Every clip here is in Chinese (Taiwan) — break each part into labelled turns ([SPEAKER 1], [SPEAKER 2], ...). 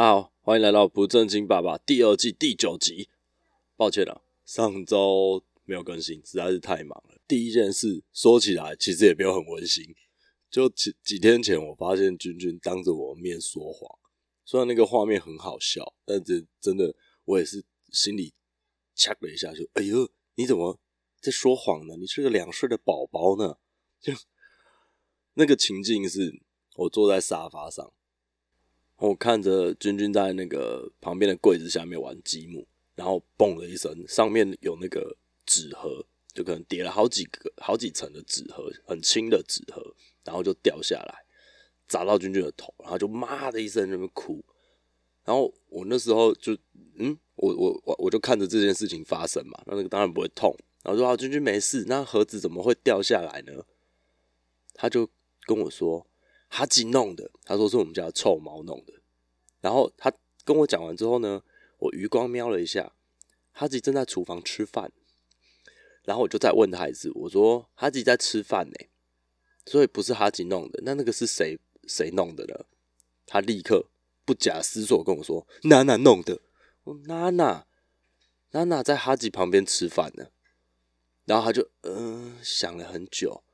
[SPEAKER 1] 啊、好，歡迎來到《不正經爸爸》第二季第九集。抱歉了、啊，上週沒有更新，實在是太忙了。第一件事說起來，其實也沒有很溫馨。就幾幾天前，我發現君君當着我面說謊，雖然那個畫面很好笑，但這真的我也是心裡掐了一下，就哎呦，你怎麼在說謊呢？你是個兩歲的寶寶呢？就，就那個情境是，我坐在沙發上。我看着君君在那個旁邊的櫃子下面玩積木，然後嘣的一聲，上面有那個紙盒，就可能疊了好幾個、好幾層的紙盒，很輕的紙盒，然後就掉下來，砸到君君的頭，然後就媽的一聲，那邊哭。然後我那時候就，嗯，我我我我就看着這件事情發生嘛，那那個當然不會痛。然後說啊，君君沒事，那盒子怎麼會掉下來呢？他就跟我說。哈吉弄的，他說是我們家的臭貓弄的。然後他跟我講完之後呢，我餘光瞄了一下，哈吉正在廚房吃飯。然後我就在問他孩子，我說：“哈吉在吃飯呢、欸，所以不是哈吉弄的，那那個是誰誰弄的呢？他立刻不假思索跟我說：“娜娜弄的。我”我娜娜，娜娜在哈吉旁邊吃飯呢。然後他就嗯、呃、想了很久。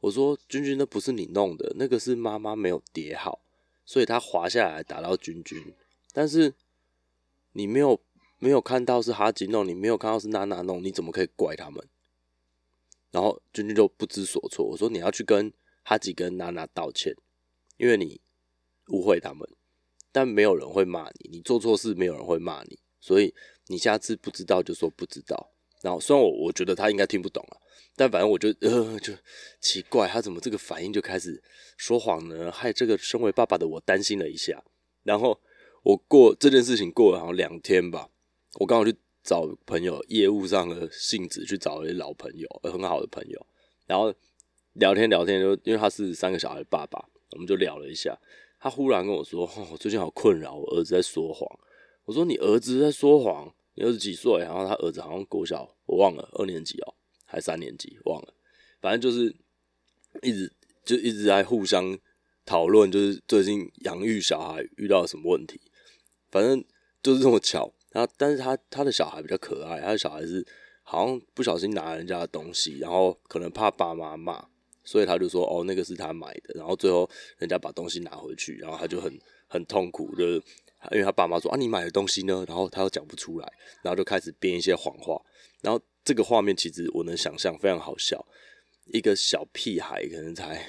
[SPEAKER 1] 我說：“君君，那不是你弄的，那個是媽媽沒有疊好，所以他滑下來打到君君。但是你沒有沒有看到是哈吉弄，你沒有看到是娜娜弄，你怎麼可以怪他們？”然後君君就不知所措。我說：“你要去跟哈吉跟娜娜道歉，因為你誤會他們。但沒有人會罵你，你做錯事沒有人會罵你，所以你下次不知道就說不知道。”然後，雖然我我覺得他應該聽不懂了，啊，但反正我就呃就奇怪，他怎麼這個反應就開始說謊呢？害這個身為爸爸的我擔心了一下。然後我過這件事情過了好像兩天吧，我剛好去找朋友業務上的性質，去找一些老朋友，很好的朋友。然後聊天聊天，就因為他是三個小孩的爸爸，我們就聊了一下。他忽然跟我說，哦，最近好困擾，我兒子在說謊。我說你兒子在說謊？又是幾歲？然後他兒子好像國小，我忘了，二年級哦，還三年級，忘了。反正就是一直就一直在互相討論，就是最近養育小孩遇到什麼問題。反正就是這麼巧，他但是他他的小孩比較可愛，他的小孩是好像不小心拿人家的東西，然後可能怕爸媽罵，所以他就說：“哦，那個是他買的。”然後最後人家把東西拿回去，然後他就很很痛苦，就是。因為他爸媽說啊，你買的東西呢？然後他又講不出來，然後就開始編一些謊話。然後這個畫面其實我能想象非常好笑，一個小屁孩可能才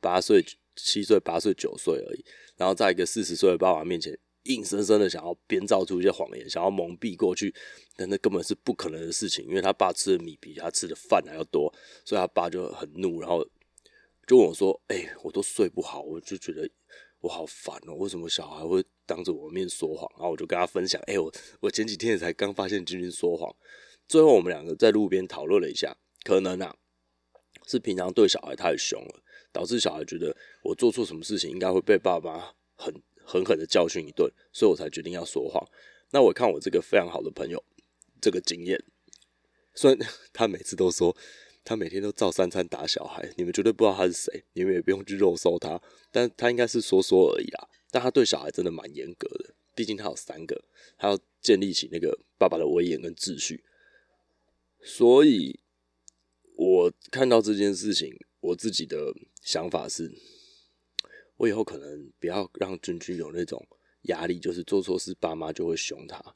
[SPEAKER 1] 八歲、七歲、八歲、九歲而已，然後在一個四十歲的爸爸面前，硬生生的想要編造出一些謊言，想要蒙蔽過去，但那根本是不可能的事情。因為他爸吃的米比他吃的飯還要多，所以他爸就很怒，然後就問我說：“哎、欸，我都睡不好，我就覺得我好煩哦，為什麼小孩會？”當着我面說謊，然後我就跟他分享，哎、欸，我我前幾天也才剛發現君君說謊，最後我們兩個在路邊討論了一下，可能啊是平常對小孩太凶了，導致小孩覺得我做錯什麼事情應該會被爸爸很，很狠狠的教訓一頓，所以我才決定要說謊。那我看我這個非常好的朋友，這個經驗，雖然他每次都說他每天都照三餐打小孩，你們絕對不知道他是誰，你們也不用去肉搜他，但他應該是說說而已啦。但他對小孩真的蠻嚴格的，畢竟他有三個，他要建立起那個爸爸的威嚴跟秩序。所以，我看到這件事情，我自己的想法是，我以後可能不要讓君君有那種壓力，就是做錯事爸媽就會兇他。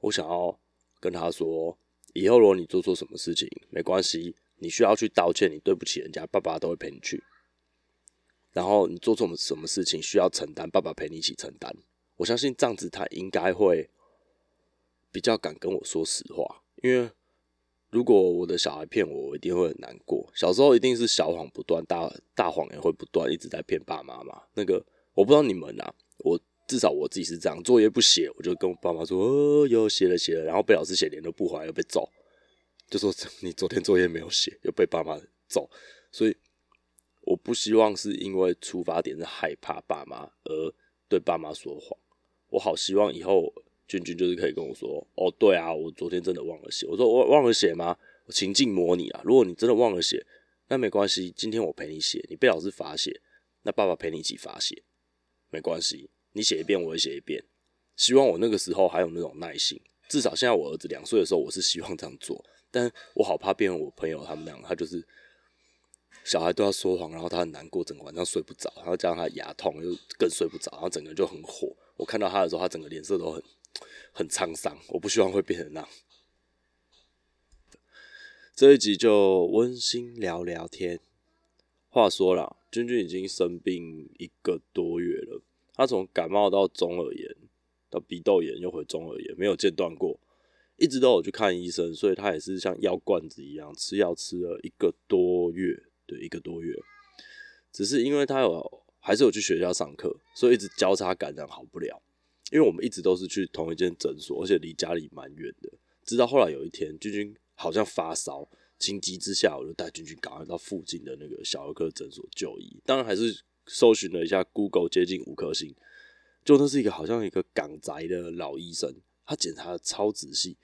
[SPEAKER 1] 我想要跟他說，以後如果你做錯什麼事情，沒關係，你需要去道歉，你對不起人家，爸爸都會陪你去。然後你做錯什麼事情需要承擔，爸爸陪你一起承擔。我相信這樣子他應該會比較敢跟我說實話，因為如果我的小孩騙我，我一定會很難過。小時候一定是小謊不斷，大大謊也會不斷，一直在騙爸媽嘛。那個我不知道你們啊，我至少我自己是這樣，作業不寫，我就跟我爸媽說，哦，又寫了寫了，然後被老師寫臉都不還，又被揍，就說你昨天作業沒有寫，又被爸媽揍，所以。我不希望是因為出發點是害怕爸媽而對爸媽說謊。我好希望以後君君就是可以跟我說：“哦，對啊，我昨天真的忘了寫。”我說：“我忘了寫嗎？”我情境模擬啊，如果你真的忘了寫，那沒關係。今天我陪你寫，你被老師罰寫，那爸爸陪你一起罰寫，沒關係。你寫一遍，我也寫一遍。希望我那個時候還有那種耐心。至少現在我兒子兩歲的時候，我是希望這樣做，但我好怕變成我朋友他們那樣，他就是。小孩都要說謊，然後他很難過，整個晚上睡不着，然後加上他牙痛，又更睡不着，然後整個就很火。我看到他的時候，他整個臉色都很很滄桑。我不希望會變成那樣。這一集就溫馨聊聊天。話說啦，君君已經生病一個多月了，他從感冒到中耳炎到鼻竇炎，又回中耳炎，沒有間斷過，一直都有去看醫生，所以他也是像藥罐子一樣吃藥，吃了一個多月。對，一個多月，只是因為他有還是有去學校上課，所以一直交叉感染好不了。因為我們一直都是去同一間診所，而且離家裡蠻遠的。直到後來有一天，君君好像發燒，情急之下我就帶君君趕快到附近的那個小兒科診所就醫。當然還是搜尋了一下 Google，接近五顆星，就那是一個好像一個港宅的老醫生，他檢查得超仔細，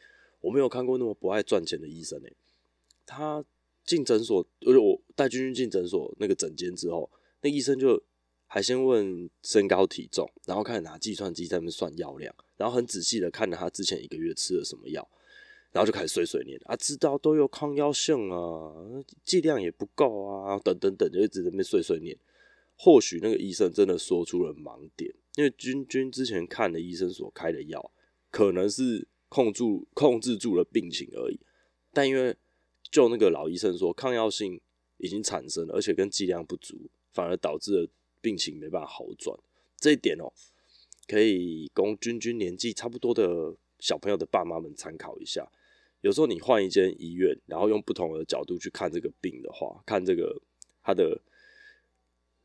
[SPEAKER 1] 我沒有看過那麼不愛賺錢的醫生哎、欸，他。進診所，而且我帶君君進診所那個診間之後，那醫生就還先問身高體重，然後開始拿計算機在那邊算藥量，然後很仔細的看了他之前一個月吃了什麼藥，然後就開始碎碎念啊，知道都有抗藥性啊，劑量也不夠啊，等等等，就一直在那邊碎碎念。或許那個醫生真的說出了盲點，因為君君之前看的醫生所開的藥，可能是控住控制住了病情而已，但因為。就那個老醫生說，抗藥性已經產生了，而且跟劑量不足反而導致了病情沒辦法好轉。這一點哦、喔，可以供君君年紀差不多的小朋友的爸媽們參考一下。有時候你換一間醫院，然後用不同的角度去看這個病的話，看這個他的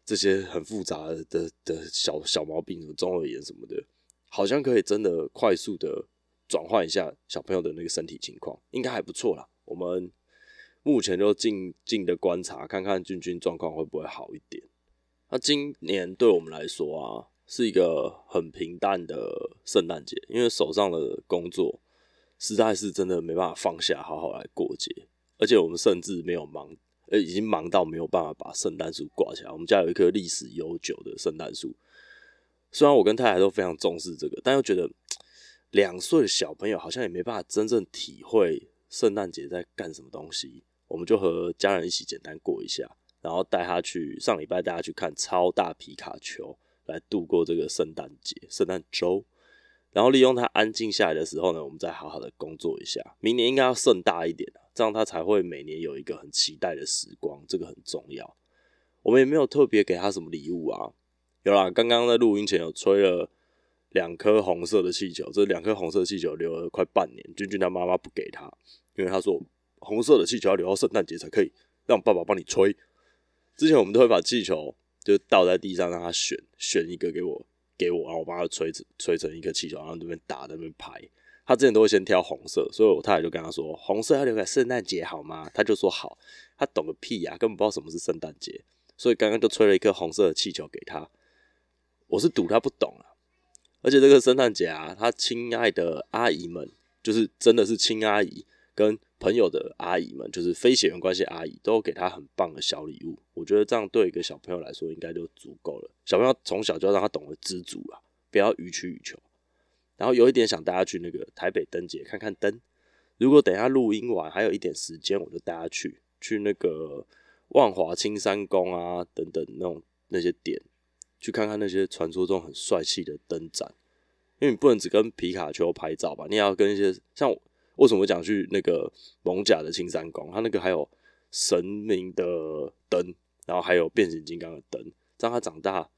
[SPEAKER 1] 這些很複雜的的小小毛病，什麼中耳炎什麼的，好像可以真的快速的轉換一下小朋友的那個身體情況，應該還不錯啦。我們。目前就靜靜的觀察，看看君君狀況會不會好一點。那今年對我們來說啊，是一個很平淡的聖誕節，因為手上的工作實在是真的沒辦法放下，好好來過節。而且我們甚至沒有忙，呃，已經忙到沒有辦法把聖誕樹掛起來。我們家有一棵歷史悠久的聖誕樹，雖然我跟太太都非常重視這個，但又覺得兩歲小朋友好像也沒辦法真正體會聖誕節在幹什麼東西。我們就和家人一起簡單過一下，然後帶他去上禮拜帶他去看超大皮卡丘，來度過這個聖誕節、聖誕週。然後利用他安靜下來的時候呢，我們再好好的工作一下。明年應該要盛大一點啊，這樣他才會每年有一個很期待的時光，這個很重要。我們也沒有特別給他什麼禮物啊，有啦，剛剛在錄音前有吹了兩顆紅色的氣球，這兩顆紅色的氣球留了快半年。君君他媽媽不給他，因為她說，紅色的氣球要留到聖誕節才可以讓爸爸幫你吹。之前我們都會把氣球就倒在地上，讓他選選一個給我給我，然後我幫他吹，吹成一個氣球，然後在那邊打在那邊拍。他之前都會先挑紅色，所以我太太就跟他說：“紅色要留給聖誕節好嗎？”他就說：“好。”他懂個屁呀、啊，根本不知道什麼是聖誕節。所以剛剛就吹了一個紅色的氣球給他。我是賭他不懂啊。而且這個聖誕節啊，他親愛的阿姨們，就是真的是親阿姨跟。朋友的阿姨們，就是非血緣關係阿姨，都給他很棒的小禮物。我覺得這樣對一個小朋友來說應該就足夠了。小朋友從小就要讓他懂得知足啊，不要予取予求。然後有一點想大家去那個台北燈節看看燈。如果等一下錄音完還有一點時間，我就帶他去去那個萬華青山宮啊等等那種那些點去看看那些傳說中很帥氣的燈展。因爲你不能只跟皮卡丘拍照吧，你也要跟一些像我。為什麼我講去那個艋舺的青山宮？他那個還有神明的燈，然後還有變形金剛的燈。這樣他長大，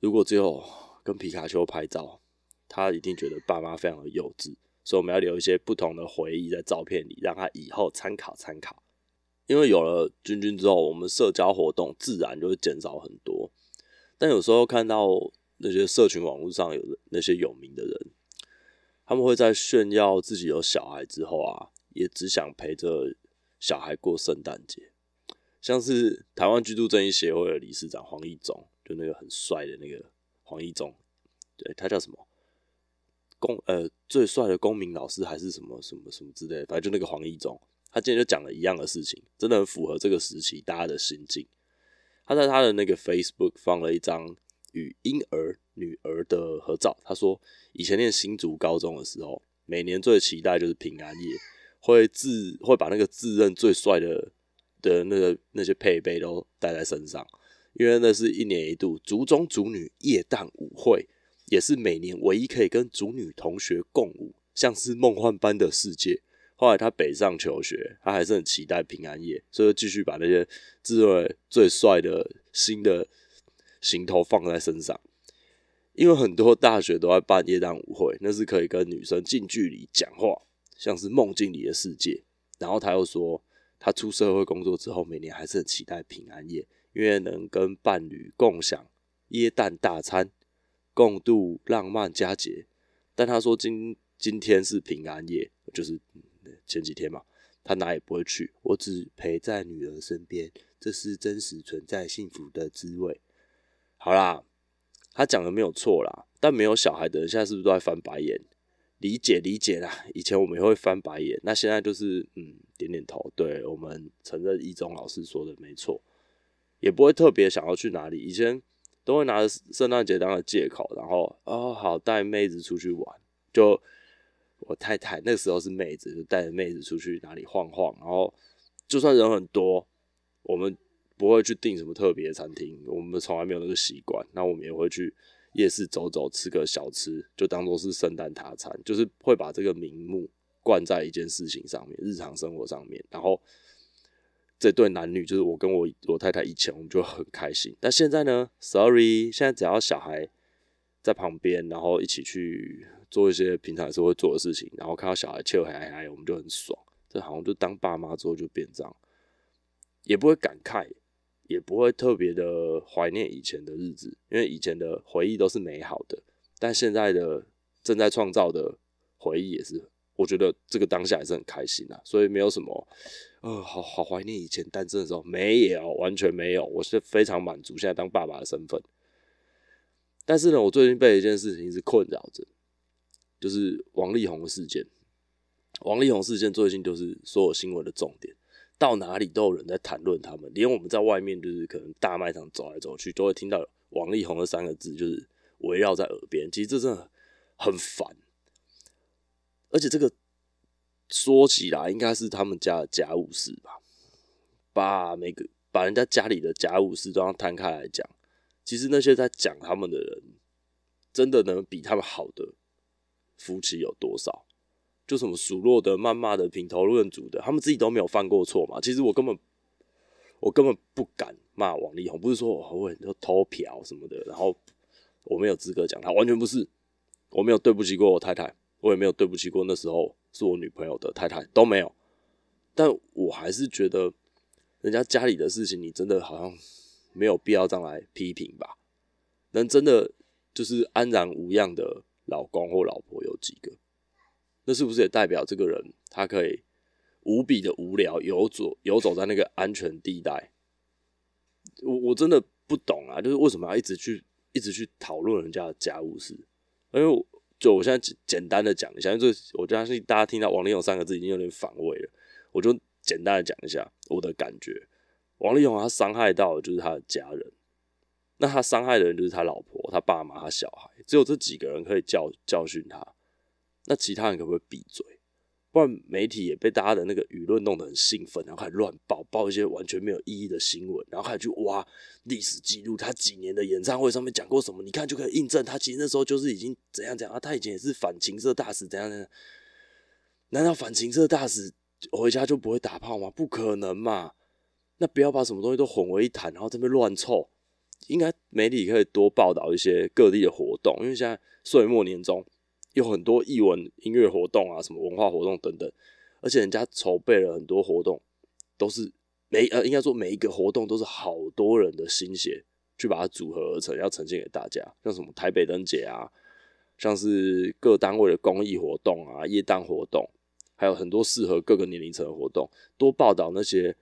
[SPEAKER 1] 如果只有跟皮卡丘拍照，他一定覺得爸媽非常的幼稚。所以我們要留一些不同的回憶在照片裡，讓他以後參考參考。因為有了君君之後，我們社交活動自然就會減少很多。但有時候看到那些社群網絡上有那些有名的人。他們會在炫耀自己有小孩之後啊，也只想陪着小孩過聖誕節。像是台灣居住正義協會的理事長黃益中，就那個很帥的那個黃益中，對，他叫什麼公呃，最帥的公民老師還是什麼什麼什麼之類的，反正就那個黃益中，他今天就講了一樣的事情，真的很符合這個時期大家的心境。他在他的那個 Facebook 放了一張與嬰兒。女兒的合照。她說：“以前念新竹高中的時候，每年最期待就是平安夜，會自會把那個自認最帥的的那個那些配備都帶在身上，因為那是一年一度竹中竹女耶誕舞會，也是每年唯一可以跟竹女同學共舞，像是夢幻般的世界。後來他北上求學，他還是很期待平安夜，所以繼續把那些自認為最帥的新的行頭放在身上。”因為很多大學都在辦耶誕舞會，那是可以跟女生近距離講話，像是夢境裡的世界。然後他又說，他出社會工作之後，每年還是很期待平安夜，因為能跟伴侶共享耶誕大餐，共度浪漫佳節。但他說今今天是平安夜，就是前幾天嘛，他哪也不會去，我只陪在女兒身邊，這是真實存在幸福的滋味。好啦。他講的沒有錯啦，但沒有小孩的人現在是不是都在翻白眼？理解理解啦，以前我們也會翻白眼，那現在就是嗯，點點頭，對，我們承認一中老師說的沒錯，也不會特別想要去哪裡，以前都會拿聖誕節當個借口，然後哦好帶妹子出去玩，就我太太那時候是妹子，就帶着妹子出去哪裡晃晃，然後就算人很多，我們。不會去訂什麼特別餐廳，我們從來沒有那個習慣。那我們也會去夜市走走，吃個小吃，就當做是聖誕大餐，就是會把這個名目灌在一件事情上面，日常生活上面。然後這對男女，就是我跟我我太太以前我們就很開心，但現在呢，sorry，現在只要小孩在旁邊，然後一起去做一些平常時會做的事情，然後看到小孩笑還還，我們就很爽。這好像就當爸媽之後就變這樣，也不會感慨。也不會特別的懷念以前的日子，因為以前的回憶都是美好的，但現在的正在創造的回憶也是，我覺得這個當下還是很開心啦，啊，所以沒有什麼，呃，好好懷念以前單身的時候沒有，完全沒有，我是非常滿足現在當爸爸的身份。但是呢，我最近被一件事情一直困擾着，就是王力宏事件，王力宏事件最近就是所有新聞的重點。到哪裡都有人在談論他們，連我們在外面就是可能大賣場走來走去，都會聽到王力宏的三個字，就是圍繞在耳邊。其實這真的很煩，而且這個說起來應該是他們家的家務事吧，把每個把人家家裡的家務事都要攤開來講，其實那些在講他們的人，真的能比他們好的夫妻有多少？就什麼數落的、謾罵的、評頭論足的，他們自己都沒有犯過錯嘛？其實我根本、我根本不敢罵王力宏，不是說我偷、偷嫖什麼的，然後我沒有資格講他，完全不是，我沒有對不起過我太太，我也沒有對不起過那時候是我女朋友的太太，都沒有。但我還是覺得，人家家裡的事情，你真的好像沒有必要這樣來批評吧？能真的就是安然無恙的老公或老婆有幾個？那是不是也代表這個人他可以無比的無聊，遊走遊走在那個安全地帶？我我真的不懂啊，就是為什麼要一直去一直去討論人家的家務事？因為我就我現在簡單的講一下，因為這個我相信大家聽到王力宏三個字已經有點反胃了，我就簡單的講一下我的感覺。王力宏他傷害到的就是他的家人，那他傷害的人就是他老婆、他爸媽、他小孩，只有這幾個人可以教教訓他。那其他人可不可以閉嘴？不然媒體也被大家的那個輿論弄得很興奮，然後還亂報，報一些完全沒有意義的新聞，然後還去挖歷史記錄，他幾年的演唱會上面講過什麼？你看就可以印證，他其實那時候就是已經怎樣怎樣啊，他以前也是反情色大使，怎樣怎樣？難道反情色大使回家就不會打炮嗎？不可能嘛！那不要把什麼東西都混為一談，然後在那邊亂湊。應該媒體可以多報道一些各地的活動，因為現在歲末年終，有很多藝文音樂活動啊，什麼文化活動等等，而且人家籌備了很多活動，都是每呃，應該說每一個活動都是好多人的心血去把它組合而成，要呈現給大家。像什麼台北燈節啊，像是各單位的公益活動啊、耶誕活動，還有很多適合各個年齡層的活動。多報道那些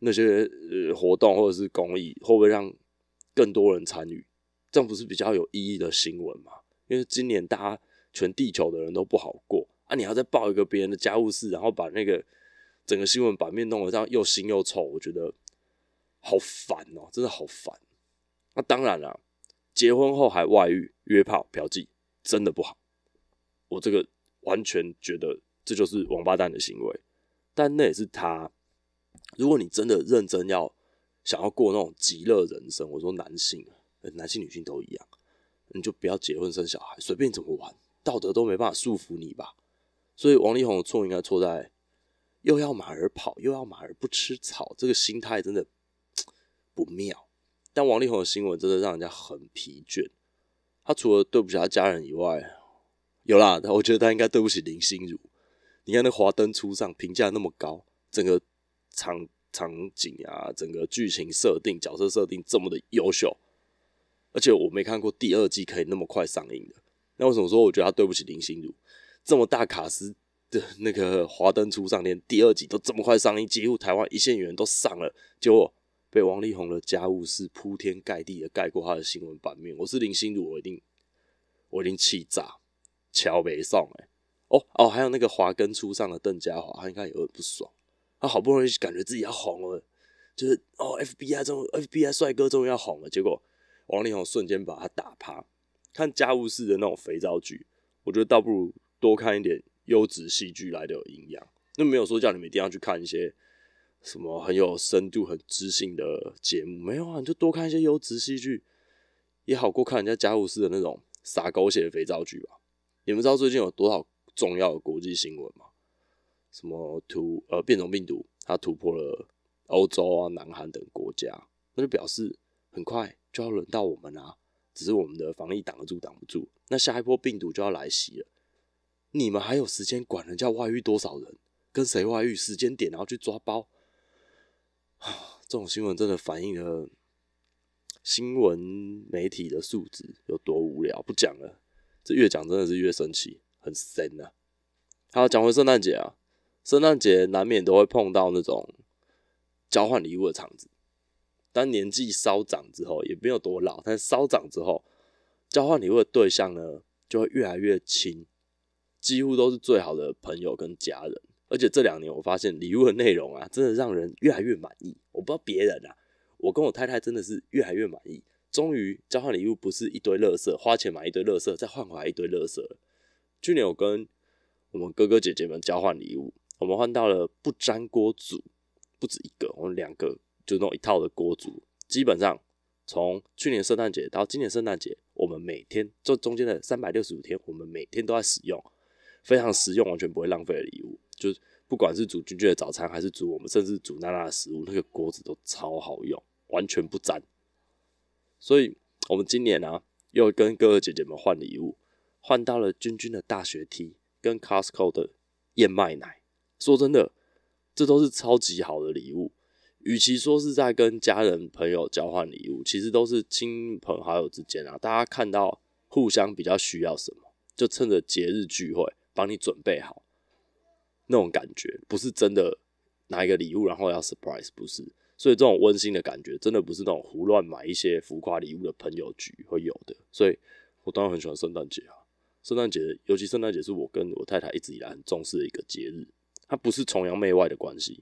[SPEAKER 1] 那些呃活動或者是公益，會不會讓更多人參與？這樣不是比較有意義的新聞嘛，因為今年大家。全地球的人都不好過啊！你要再報一個別人的家務事，然後把那個整個新聞版面弄得這樣又腥又臭，我覺得好煩哦、喔，真的好煩。那、啊、當然了、啊，結婚後還外遇、約炮、嫖妓，真的不好。我這個完全覺得這就是王八蛋的行為。但那也是他，如果你真的認真要想要過那種極樂人生，我說男性、男性女性都一樣，你就不要結婚生小孩，隨便你怎麼玩。道德都沒辦法束縛你吧，所以王力宏的錯應該錯在又要馬兒跑，又要馬兒不吃草，這個心態真的不妙。但王力宏的新聞真的讓人家很疲倦。他除了對不起他家人以外，有啦，我覺得他應該對不起林心如。你看那華燈初上，評價那麼高，整個場場景啊，整個劇情設定、角色設定這麼的優秀，而且我沒看過第二季可以那麼快上映的。那為什麼說我覺得他對不起林心如？這麼大卡司的那個《華燈初上》連第二季都這麼快上映，幾乎台灣一線演員都上了，結果被王力宏的家務事鋪天蓋地的蓋過他的新聞版面。我是林心如，我一定我一定氣炸！橋沒上、欸，哎，哦哦，還有那個《華燈初上》的鄧家華，他應該也很不爽。他好不容易感覺自己要紅了，就是哦，FBI 中 FBI 帥哥終於要紅了，結果王力宏瞬間把他打趴。看家務事的那種肥皂劇，我覺得倒不如多看一點優質戲劇來的有營養。那沒有說叫你們一定要去看一些什麼很有深度、很知性的節目，沒有啊，你就多看一些優質戲劇，也好過看人家家務事的那種撒狗血的肥皂劇吧。你們知道最近有多少重要的國際新聞嗎？什麼突呃變種病毒它突破了歐洲啊、南韓等國家，那就表示很快就要輪到我們啦、啊。只是我們的防疫擋得住擋不住，那下一波病毒就要來襲了。你們還有時間管人家外遇多少人、跟誰外遇、時間點，然後去抓包？啊，這種新聞真的反映了新聞媒體的素質有多無聊。不講了，這越講真的是越生氣，很神吶、啊。好，講回聖誕節啊，聖誕節難免都會碰到那種交換禮物的場子。當年紀稍長之後，也沒有多老，但稍長之後，交換禮物的對象呢，就會越來越親，幾乎都是最好的朋友跟家人。而且這兩年我發現禮物的內容啊，真的讓人越來越滿意。我不知道別人啊，我跟我太太真的是越來越滿意。終於，交換禮物不是一堆垃圾，花錢買一堆垃圾，再換回來一堆垃圾了。去年我跟我們哥哥姐姐們交換禮物，我們換到了不粘鍋組，不止一個，我們兩個。就那一套的鍋具，基本上從去年聖誕節到今年聖誕節，我們每天這中間的三百六十五天，我們每天都在使用，非常實用，完全不會浪費的禮物。就是不管是煮君君的早餐，還是煮我們甚至煮娜娜的食物，那個鍋子都超好用，完全不沾。所以我們今年呢、啊，又跟哥哥姐姐們換禮物，換到了君君的大學 T 跟 Costco 的燕麥奶。說真的，這都是超級好的禮物。與其說是在跟家人朋友交換禮物，其實都是親朋好友之間啊，大家看到互相比較需要什麼，就趁着節日聚會幫你準備好，那種感覺不是真的拿一個禮物然後要 surprise，不是，所以這種溫馨的感覺真的不是那種胡亂買一些浮誇禮物的朋友局會有的。所以，我當然很喜歡聖誕節啊，聖誕節，尤其聖誕節是我跟我太太一直以來很重視的一個節日，它不是崇洋媚外的關係。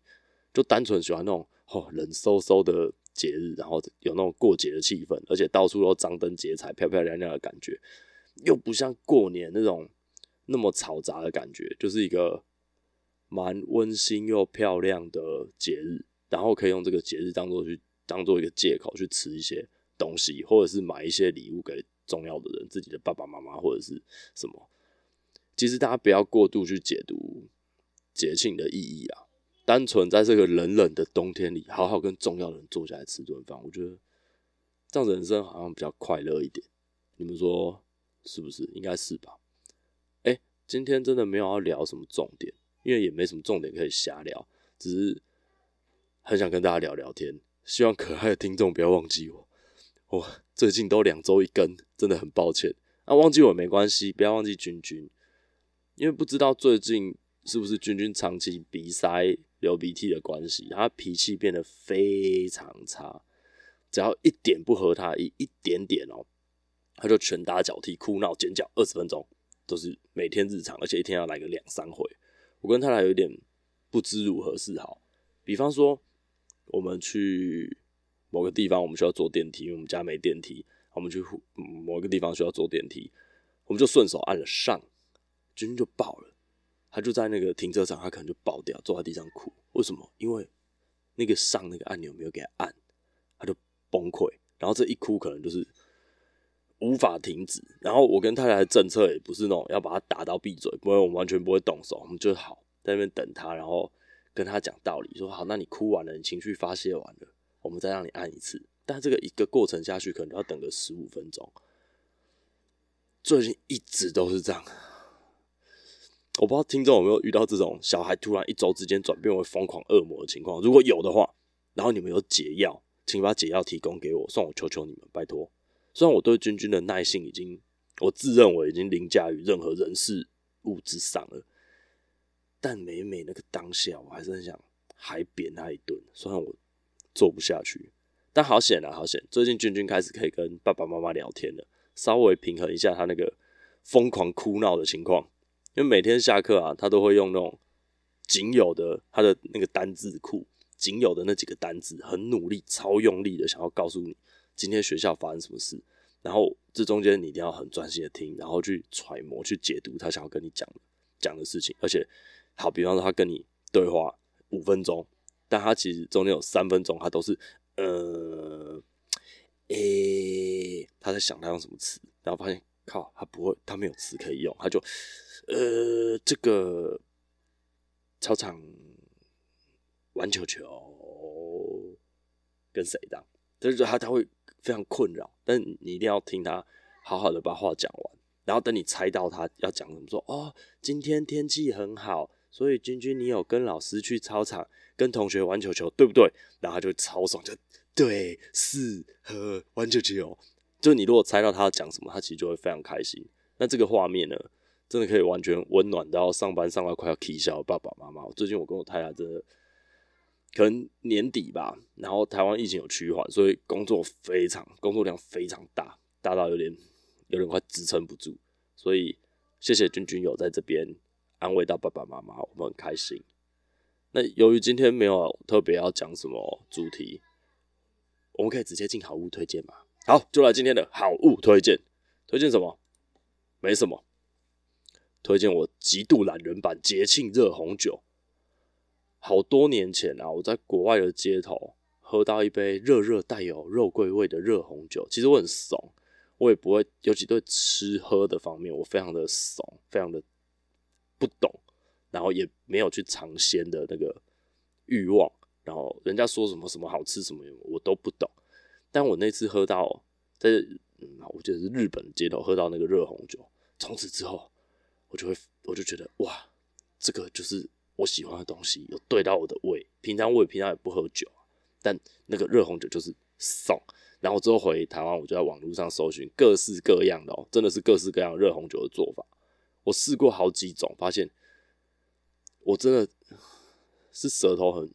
[SPEAKER 1] 就單純喜歡那種哦冷颼颼的節日，然後有那種過節的氣氛，而且到處都張燈結彩、漂漂亮亮的感覺，又不像過年那種那麼嘈雜的感覺，就是一個蠻溫馨又漂亮的節日，然後可以用這個節日當做去當做一個借口去吃一些東西，或者是買一些禮物給重要的人，自己的爸爸媽媽或者是什麼。其實大家不要過度去解讀節慶的意義啊。單純在這個冷冷的冬天裡，好好跟重要的人坐下來吃頓飯，我覺得這樣人生好像比較快樂一點。你們說是不是？應該是吧。哎、欸，今天真的沒有要聊什麼重點，因為也沒什麼重點可以瞎聊，只是很想跟大家聊聊天。希望可愛的聽眾不要忘記我，我最近都兩週一更，真的很抱歉。那、啊、忘記我也沒關係，不要忘記君君，因為不知道最近是不是君君長期鼻塞。流鼻涕的關係，他脾氣變得非常差。只要一點不合他，一一點點哦、喔，他就拳打腳踢、哭鬧、尖叫，二十分鐘都是每天日常，而且一天要來個兩三回。我跟他倆有點不知如何是好。比方說，我們去某個地方，我們需要坐電梯，因為我們家沒電梯。我們去某個地方需要坐電梯，我們就順手按了上，君君就爆了。他就在那個停車場，他可能就爆掉，坐在地上哭。為什麼？因為那個上那個按鈕沒有給他按，他就崩潰。然後這一哭可能就是無法停止。然後我跟太太的政策也不是那種要把他打到閉嘴，不然我們完全不會動手。我們就好在那邊等他，然後跟他講道理，說好，那你哭完了，你情緒發洩完了，我們再讓你按一次。但這個一個過程下去，可能要等個十五分鐘。最近一直都是這樣。我不知道聽眾有沒有遇到這種小孩突然一周之間轉變為瘋狂惡魔的情況？如果有的話，然後你們有解藥，請把解藥提供給我，算我求求你們，拜托。雖然我對君君的耐性已經，我自認為已經凌駕於任何人事物之上了，但每每那個當下，我還是很想海扁他一頓。雖然我做不下去，但好險啊，好險！最近君君開始可以跟爸爸媽媽聊天了，稍微平衡一下他那個瘋狂哭鬧的情況。因為每天下課啊，他都會用那種僅有的他的那個單字庫，僅有的那幾個單字，很努力、超用力的想要告訴你今天學校發生什麼事。然後這中間你一定要很專心的聽，然後去揣摩、去解讀他想要跟你講講的事情。而且，好，比方說他跟你對話五分鐘，但他其實中間有三分鐘，他都是呃，誒、欸，他在想他用什麼詞，然後發現。靠，他不會，他沒有詞可以用，他就，呃，這個操場玩球球，跟誰當？就是他，他會非常困擾，但你一定要聽他好好的把話講完，然後等你猜到他要講什麼，說哦，今天天氣很好，所以君君你有跟老師去操場跟同學玩球球，對不對？然後他就超爽，就對，是，和玩球球。就你如果猜到他要講什麼，他其實就會非常開心。那這個畫面呢，真的可以完全溫暖到上班上到快要起笑爸爸媽媽。最近我跟我太太真的可能年底吧，然後台灣疫情有趨緩，所以工作非常，工作量非常大，大到有點有點快支撐不住。所以謝謝君君有在這邊安慰到爸爸媽媽，我們很開心。那由於今天沒有特別要講什麼主題，我們可以直接進好物推薦嗎？好，就來今天的好物推薦。推薦什麼？沒什麼，推薦我極度懶人版節慶熱紅酒。好多年前啊，我在國外的街頭喝到一杯熱熱帶有肉桂味的熱紅酒。其實我很慫，我也不會，尤其對吃喝的方面，我非常的慫，非常的不懂，然後也沒有去嘗鮮的那個慾望。然後人家說什麼什麼好吃什麼，我都不懂。但我那次喝到在、在、嗯，我覺得是日本街頭喝到那個熱紅酒，從此之後，我就會，我就覺得，哇，這個就是我喜歡的東西，有對到我的胃。平常我也平常也不喝酒，但那個熱紅酒就是送，然後之後回台灣，我就在網絡上搜尋各式各樣的，真的是各式各樣熱紅酒的做法。我試過好幾種，發現我真的是舌頭很。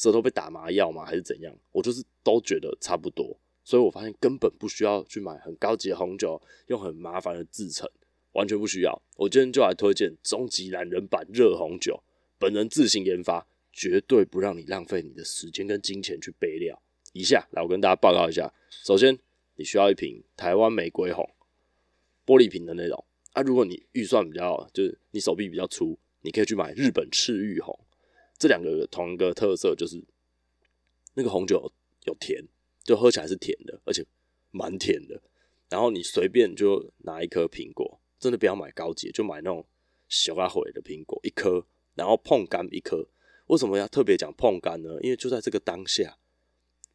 [SPEAKER 1] 舌頭被打麻藥嗎？還是怎樣？我就是都覺得差不多，所以我發現根本不需要去買很高級的紅酒，用很麻煩的製程，完全不需要。我今天就來推薦終極懶人版熱紅酒，本人自行研發，絕對不讓你浪費你的時間跟金錢去備料。以下來我跟大家報告一下，首先你需要一瓶台灣玫瑰紅玻璃瓶的那種啊，如果你預算比較好就是你手臂比較粗，你可以去買日本赤玉紅。這兩個同一個特色就是，那個紅酒有甜，就喝起來是甜的，而且蠻甜的。然後你隨便就拿一顆蘋果，真的不要買高級，就買那種小而毀的蘋果一顆，然後椪柑一顆。為什麼要特別講椪柑呢？因為就在這個當下，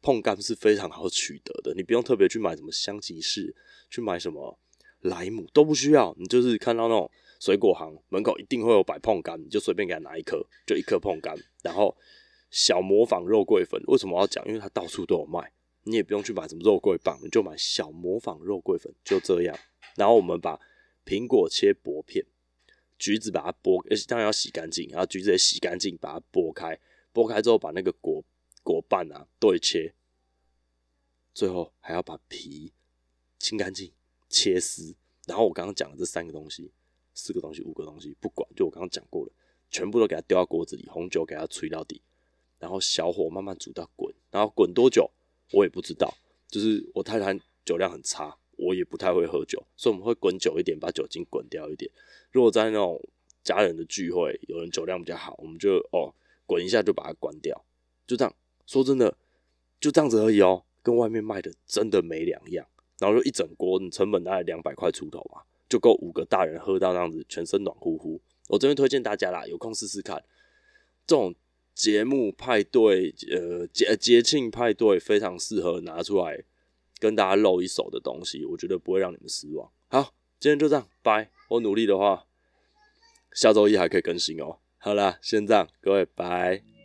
[SPEAKER 1] 椪柑是非常好取得的，你不用特別去買什麼香吉士，去買什麼萊姆都不需要，你就是看到那種。水果行門口一定會有擺椪柑，你就隨便給他拿一顆，就一顆椪柑。然後小磨坊肉桂粉，為什麼要講？因為它到處都有賣，你也不用去買什麼肉桂棒，你就買小磨坊肉桂粉，就這樣。然後我們把蘋果切薄片，橘子把它剝，呃，當然要洗乾淨，然後橘子也洗乾淨，把它剝開。剝開之後，把那個果果瓣啊對切。最後還要把皮清乾淨，切絲。然後我剛剛講的這三個東西。四個東西，五個東西，不管，就我剛剛講過了，全部都給它丟到鍋子裡，紅酒給它吹到底，然後小火慢慢煮到滾，然後滾多久我也不知道，就是我太太酒量很差，我也不太會喝酒，所以我們會滾久一點，把酒精滾掉一點。如果在那種家人的聚會，有人酒量比較好，我們就哦滾一下就把它關掉，就這樣。說真的，就這樣子而已哦，跟外面賣的真的沒兩樣。然後就一整鍋，你成本大概兩百塊出頭啊。就夠五個大人喝到那樣子，全身暖呼呼。我這邊推薦大家啦，有空試試看。這種節目派對，呃節節慶派對，非常適合拿出來跟大家露一手的東西，我覺得不會讓你們失望。好，今天就這樣，拜。我努力的話，下週一還可以更新哦。好啦，先這樣，各位拜。Bye